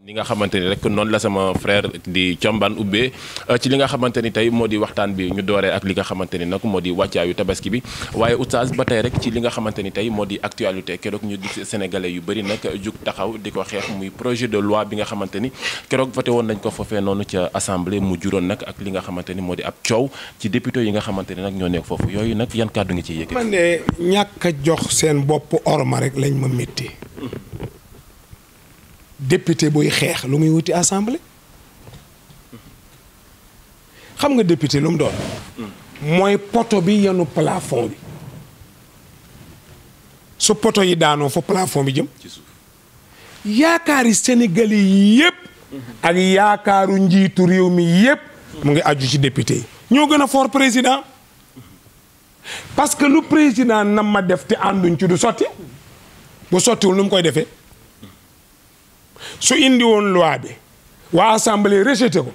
ni nga xamante ni rek noonu la sama frère di combaan ubbee euh, ci li nga xamante ni tey moo di waxtaan bi ñu dooree ak li nga xamante ni nag moo di wàccaayu tabaski bi waaye oustaz ba tey rek ci li nga xamante ni tey moo di actualité keroog ñu gis sénégalais yu bëri nag jug taxaw di ko xeex muy projet de loi bi nga xamante ni keroog voté woon nañ ko foofee noonu ca assemblée mu juróon nag ak li nga xamante ni moo di ab coow ci député yi nga xamante ni nag ñoo nekk foofu yooyu nag yan kàddu ngi ciy yëkkati. man de ñàkk jox seen bopp orma rek lañ ma métti. député buy xeex lu muy wuti assemblée xam nga député lu mu doon mooy poto bi yenu plafond bi su poto yi daanoo fa plafond bi jëm yaakaari Sénégal yi yépp ak yaakaaru njiitu réew mi yépp mu ngi aju ci député yi ñoo gën a foor président parce que lu président na ma def ti ànduñ ci du sotti bu sottiwul nu mu koy defee su indi woon loi bi waa assemblée rejeté ko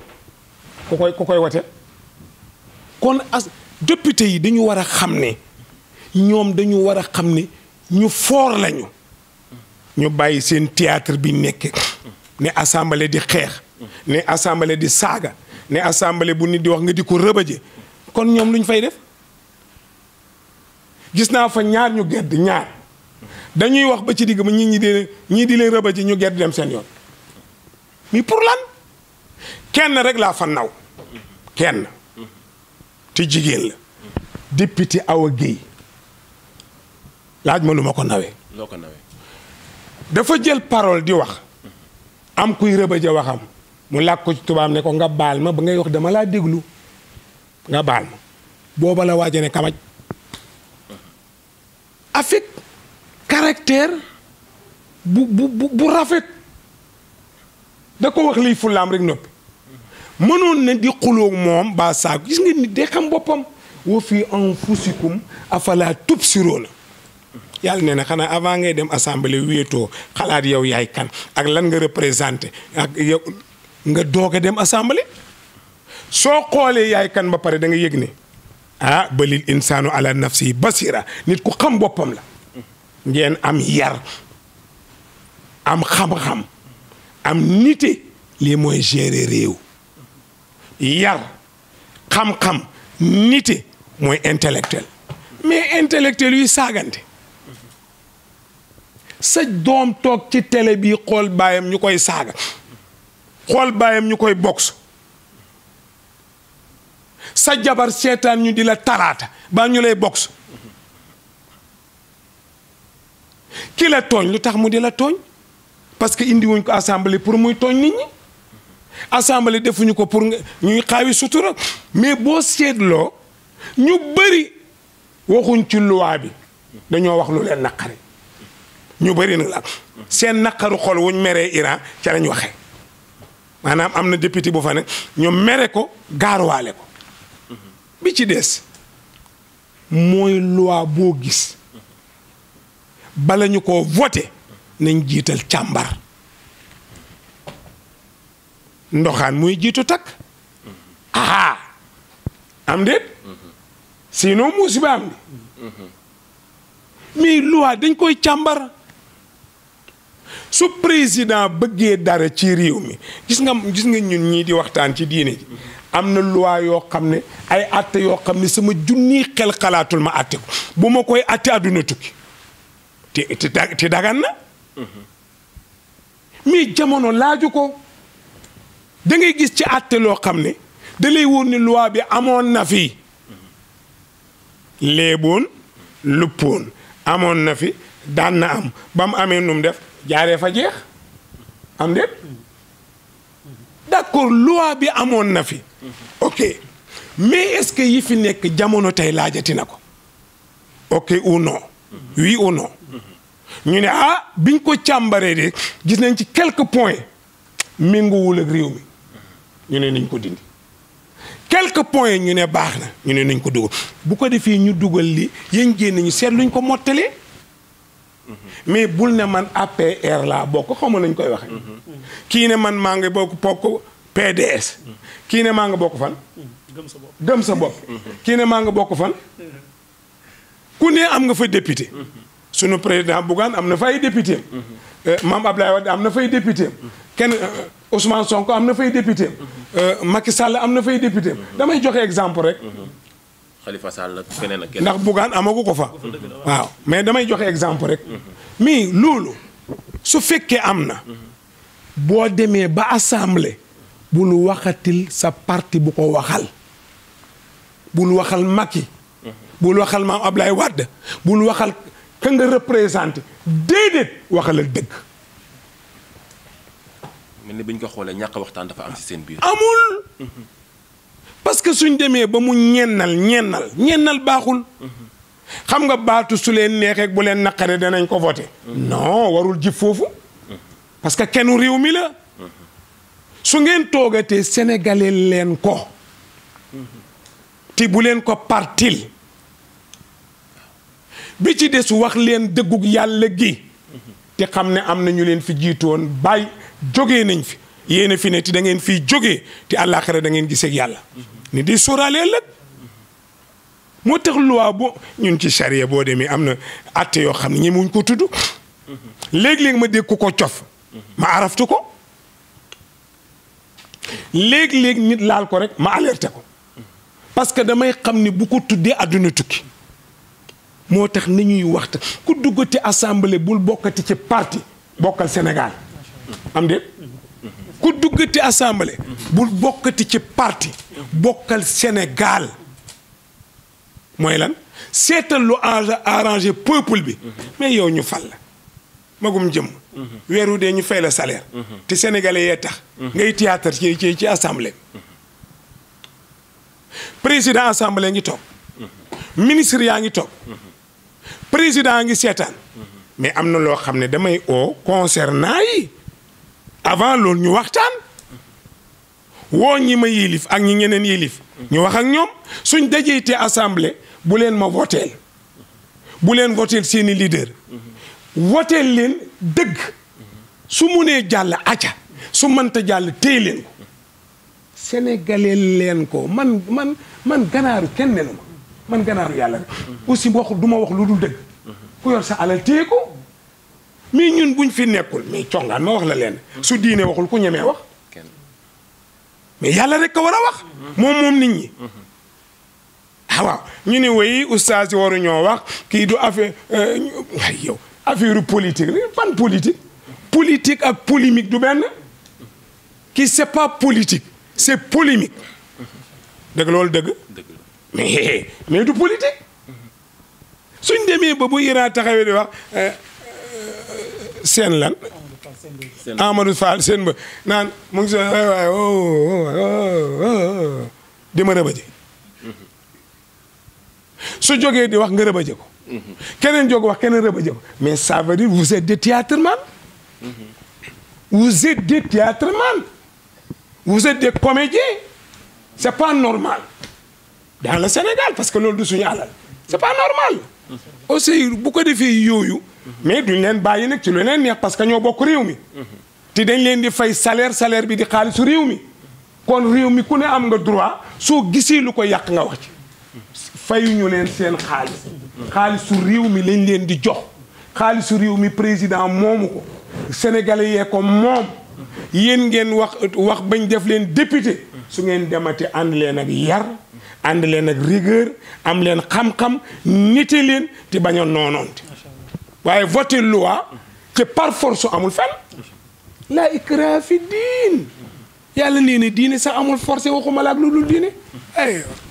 ku koy ku koy wote kon as député yi dañu war a xam ne ñoom dañu war a xam ni ñu foor lañu ñu bàyyi seen théâtre bi nekk ne assemblée di xeex ne assemblée di saaga ne assemblée bu nit di wax nga di ko rëbëje kon ñoom lu fay def gis naa fa ñaar ñu gedd ñaar dañuy wax ba ci digg ba ñi ñi di ñii di leen rëba ji ñu gedd dem seen yoon mais pour lan kenn rek laa fa naw kenn te jigéen la député Awa Guèye laaj ma lu ma ko nawee loo ko nawee dafa jël parole di wax am kuy rëbëja waxam mu làkk ko ci tubaab ne ko nga baal ma ba ngay wax dama laa déglu nga baal ma booba la waaje ne kamaj afik caractère bu bu bu rafet da ko wax liy fullaam rek noppi mënoon na di xuloo moom baa saako gis nga nit day xam boppam wa fii anfusikum afala tubsiroo na yàlla nee xanaa avant ngay dem assemblée wéetoo xalaat yow yaay kan ak lan nga représenté ak yow nga doog a dem assemblée soo xoolee yaay kan ba pare da nga yëg ne ah balil insaanu ala nafsi basira nit ku xam boppam la ngeen am yar am xam-xam am niti lii mooy gérer réew yar xam-xam niti mooy intellectuel mais intellectuel yu saagante sa doom toog ci tele bi xool baayam ñu koy saaga xool baayam ñu koy box sa jabar seetaan ñu di la talaata baa ñu lay box ki la tooñ lu tax mu di la tooñ parce que indi wuñ ko assemblée pour muy tooñ nit ñi assemblée defuñu ko pour ñuy xaawi sutura mais boo seetloo ñu bari waxuñ ci luwaa bi dañoo wax lu leen naqari ñu bëri nag la seen naqaru xol wuñ meree Iran ca lañ waxee maanaam am na député bu fa ne ñu mere ko gaaruwaale ko bi ci des mooy loi boo gis bala ñu koo voté nañ jiital càmbar ndoxaan muy jiitu takk aha am déet sinon musiba am ni mais loi dañ koy càmbar su président bëggee dara ci réew mi gis nga gis nga ñun ñii di waxtaan ci diine ji am na luwaa yoo xam ne ay atte yoo xam ne sama junni xel xalaatul ma atte ko bu ma koy atte àdduna tukki te te te dagan na mais jamono laaju ko da ngay gis ci àtte loo xam ne da lay ni loi bi amoon na fi léeboon luppoon amoon na fi daan na am ba mu amee num def jaaree fa jeex am déet d'accord loi bi amoon na fi ok mais est-ce que yi fi nekk jamono tey laajati na ko ok ou non oui ñu ne ah biñ ko càmbaree de gis nañ ci quelques points méngoowul ak réew mi ñu ne nañ ko dindi quelques points ñu ne baax na ñu ne nañ ko dugal bu ko defee ñu dugal li yéen génn ñu seet luñ ko mottalee mais bul ne man APR laa bokk xaw ma nañ koy waxee. kii ne man maa ngi bokk pokk PDS. kii ne maa ngi bokk fan. gëm sa bopp gëm sa bopp. kii ne maa ngi bokk fan. ku ne am nga fa député. sunu président Bougane am na fa ay député am. Mhm. Euh, Mame Abdoulaye Wade am na fay député am. kenn euh, Ousmane Sonko am na fay député am. Mhm. Euh, Macky Sall am na fay député mhm. damay joxe exemple rek. Khalifa Sall ak keneen ndax Bougane amagu ko fa. waaw mais damay joxe exemple rek. mais loolu su fekkee am na. boo demee ba assemblée. bul waxatil sa parti bu ko waxal. bul waxal Macky. bul waxal Mame Abdoulaye Wade bul waxal. ka nga représenté déedéet waxalal dëgg. mel ni bi ko xoolee ñàkk waxtaan dafa am ci seen biir. amul. parce que suñ demee ba mu ñennal ñennal ñennal baaxul. xam nga baatu su leen neexee bu leen naqaree danañ ko voté. non warul ji foofu. parce que kennu réew mi la. su ngeen toogatee sénégalais leen ko. te bu leen ko partil bi ci des wax leen dëggug yàlla gi te xam ne am na ñu leen fi jiitu woon bàyyi jógee nañ fi yéen a fi ne te da ngeen jóge jógee te àllaaxira da ngeen gisee ak yàlla ni di sóoraale ëllëg moo tax loi bo ñun ci charia boo demee am na atte yoo xam ne ñi muñ ko tudd léeg-léeg ma dégg ko cof ma araftu ko léegi léeg nit laal ko rek ma alerté ko parce que damay xam ni bu ko tuddee àdduna tukki moo tax ni ñuy waxta ku duggati assemblée bul bokkati ci parti bokkal Sénégal am déet ku duggati assemblée bul bokkati ci parti bokkal Sénégal mooy lan seetal lu arrangé peuple bi mais yow ñu fal la magum jëm weeru wu ñu fay la salaire te sénégalais yee tax ngay théâtre ci ci ci assemblée président assemblée ngi toog ministre yaa ngi toog président ngi seetaan mais am na loo xam ne damay oo concernant yi avant loolu ñu waxtaan woo ñi ma yilif ak ñi ñeneen yilif ñu wax ak ñoom suñ dajee dajeetee assemblée bu leen ma voteel bu leen voteel seeni leader voteel leen dëgg su munee jàll aca su mënta jàll téy leen ko sénégalais leen ko man man man ganaaru kenn nenu ma man ganaaru yàlla rek aussi wax du ma wax lu dul dëgg ku yor sa alal téye ko ñun buñ fi nekkul mais congaan ma wax la leen su diine waxul ku ñemee wax mais yàlla rek ko war a wax moom moom nit ñi ah waaw ñu ne woy oustaz yi waru ñoo wax kii du affaire euh, ay yow affaire politique ban politique ak polémique du benn kii c'est pas politique c'est polémique dëgg loolu dëgg mais mais du politique suñ demee ba bu Iran taxawee di wax euh, euh, seen lan. Amadou Fall seen ba naan mu ngi si waay waay oo oh, oh, oh, di ma rëbëje su jogee di wax nga rëbëje ko. keneen jóg wax keneen rëbëje ko mais ça vous êtes des théâtremans. vous êtes des théâtremans. vous êtes des comédiens c'est pas normal. dans le Sénégal parce que loolu du suñu alal c'est pas normal aussi bu ko defee yooyu mais duñ leen bàyyi nag ci lu leen neex parce que ñoo bokk réew mi te dañ leen di fay salaire salaire bi di xaalisu réew mi kon réew mi ku ne am nga droit soo gisee lu ko yàq nga wax ci fayuñu leen seen xaalis xaalisu réew mi lañ leen di jox xaalisu réew mi président moomu ko sénégalais yee ko moom yéen ngeen wax wax bañ def leen député su ngeen demati ànd leen ak yar ànd leen ak rigueur am leen xam-xam nite leen te bañ a noonoonte waaye voté loi ci par force amul fenn laa ikraa fi diin yàlla nee na sax amul forcé waxuma la ak lu dul diine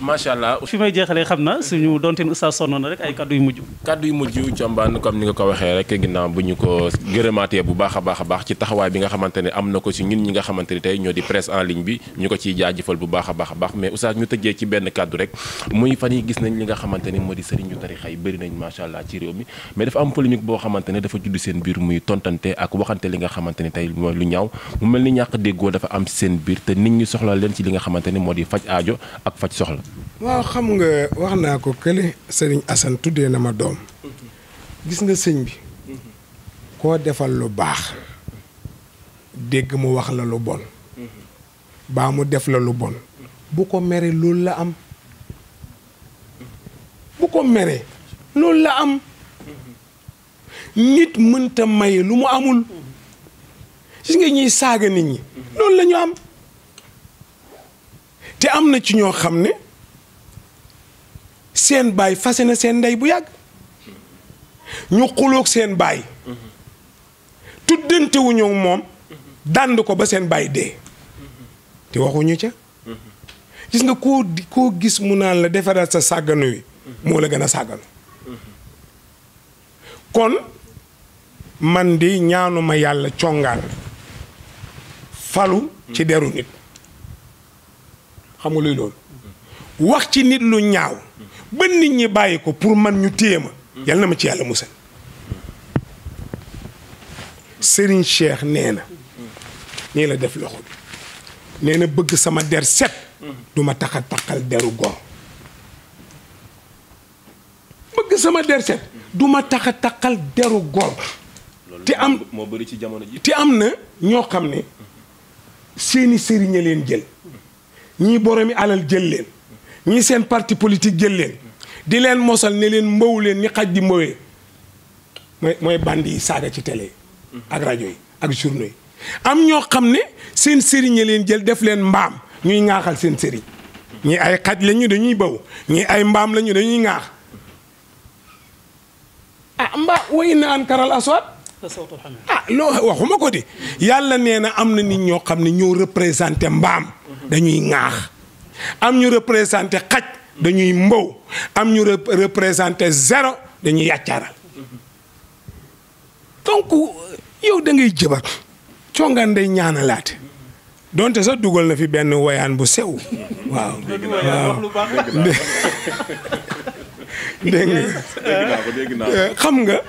macha allah. fi may jeexalee xam na suñu donteen oustaz sonn na rek ay kaddu yu mujj. kaddu yu mujj combaan comme ni nga ko waxee rek ginnaaw bu ñu ko gërëmaatee bu baax a baax a baax ci taxawaay bi nga xamante ne am na ko si ñun ñi nga xamante ne tey ñoo di presse en ligne bi ñu ko ciy jaajëfal bu baax a baax a baax mais usa ñu tëjee ci benn kaddu rek muy fan yi gis nañ li nga xamante ne moo di sëriñu tarixa yi bari nañ macha allah ci réew mi mais dafa am polémique boo xamante ne dafa judd seen biir muy tontante ak waxante li nga xamante ne tey mooy lu ñaaw mu mel ni ñàkk déggoo dafa am seen biir te nit ñi soxla leen ci li nga xamante ne moo di faj aajo ak faj soxla. waaw xam nga wax naa ko kële sëriñ Assane tuddee na ma doom gis nga sëñ bi koo defal lu baax dégg mu wax la lu bon baa mu def la lu bon bu ko meree loolu la am bu ko mere loolu la am nit mënta maye lu mu amul gis nga ñuy saaga nit ñi loolu la am te am na ci ñoo xam ne seen baay fase na seen ndey bu yàgg ñu xuloog seen baay tuddante moom dànd ko ba seen baay dee te waxuñu ca gis nga koo koo gis mu naan la defaraat sa sàgganu wi moo la gën a sàgganu kon man di ñaanuma yàlla congaan falu ci deru nit xam nga luy loolu wax ci nit lu ñaaw ba nit ñi bàyyi ko pour man ñu téye ma yal na ma ci yàlla musal Serigne Cheikh nee na nii la def loxo bi na bëgg sama der du ma tax a taqal sama der du ma tax a taqal deru góor te am moo bëri ci jamono ji am na ñoo xam ne seeni sëriñ leen jël ñii boromi alal jël leen ñii seen parti politique jël leen di leen mosal ni leen mbaw leen ni xaj di mbawee mooy mooy bandi yi saaga ci tele yi ak rajo yi ak journaux yi am ñoo xam ne seen sëriñ leen jël def leen mbaam ñuy ŋaaxal seen sëriñ ñii ay xaj lañu ñu dañuy baw ñii ay mbaam lañu ñu dañuy ŋaax ah mbaa wa inna ankaral aswat ah loo waxuma ko di yàlla nee na am na nit ñoo xam ne ñoo représenté mbaam dañuy ŋaax am ñu représenté xaj dañuy mbow am ñu représenté zéro dañuy yàccaaral donc yow da ngay congaan day ñaanalaate donte sax dugal na fi benn woyaan bu sew waaw dégg nga eh, xam nga.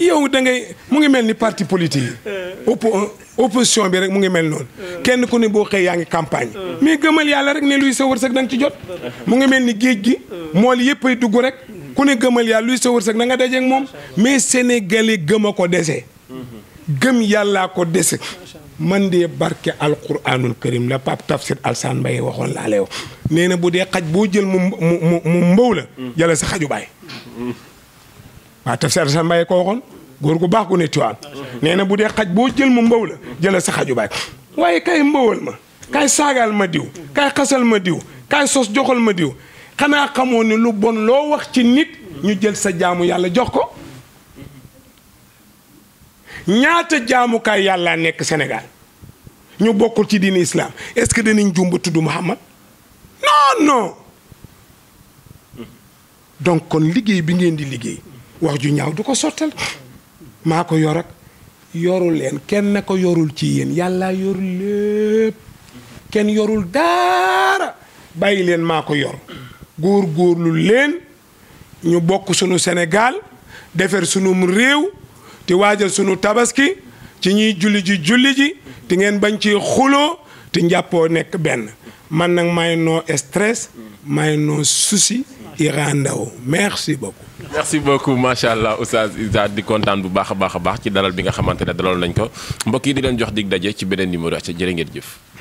yow da ngay mu ngi mel ni parti politique yi. oppo opposition bi rek mu ngi mel noonu. kenn ku ne boo xëy yaa ngi campagne. mais gëmal yàlla rek ne luy sa wërsëg da ci jot. mu ngi mel ni géej gi. mool yëppay dugg rek. ku ne gëmal yàlla luy sa wërsëg na nga dajeeg moom. mais sénégalais gëm a ko dese. gëm yàllaa ko dese. man de barke alquranul karim la Pape Tafsir Alsaan Mbaye waxoon laa lay wax nee na bu dee xaj boo jël mu mu mu mbaw la. yàlla sa xaju baay. waaw Tafsir Alsaan Mbaye ko waxoon góor gu na bu dee xaj boo jël mu mbaw la jëla sa xaju baay waaye kay mbawal ma. kaay saagaal ma diw. kaay xasal ma diw. kaay sos joxal ma diw. xanaa xamoo ne lu bon loo wax ci nit. ñu jël sa jaamu yàlla jox ko. ñaata jaamukaay yàllaa nekk Sénégal ñu bokkul ci diini islam est-ce que danañ jumba tudd Muhammad non non donc kon liggéey bi ngeen di liggéey wax ju ñaaw du ko sottal maa ko yor ak yorul leen kenn ko yorul ci yéen yàlla yorul lépp kenn yorul daara bàyyi leen maa ko yor góor góorlu leen ñu bokk sunu Sénégal defar sunum réew di waajal sunu tabaski ci ñuy julli ji julli ji te ngeen bañ ci xuloo te njàppoo nekk benn man nag may noo stress may noo souci Iran Ndao merci beaucoup. merci beaucoup macha allah oustaz Isa di kontaan bu baax a baax a baax ci dalal bi nga xamante ne dalal nañ ko mbokk yi di leen jox dig daje ci beneen numéro ca jërë ngeen jëf.